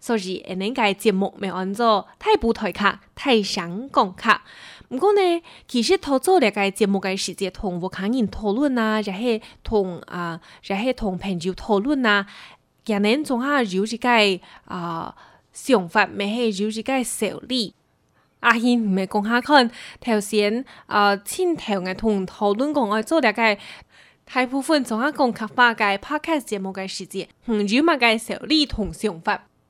所以，恁個節目咪按照大埔台客、提升講客。毋過呢，其實做咗呢個節目嘅時間，同屋客人討論啊，然後同啊，然後同朋友討論啊，可能仲哈有啲、這個啊想、呃、法，咪係有啲個小利。阿欣咪講下看頭先啊先頭嘅同討論講，我做咗、這、呢個大部分仲哈講客化嘅拍客節目嘅時間，嗯，少咪嘅小利同想法。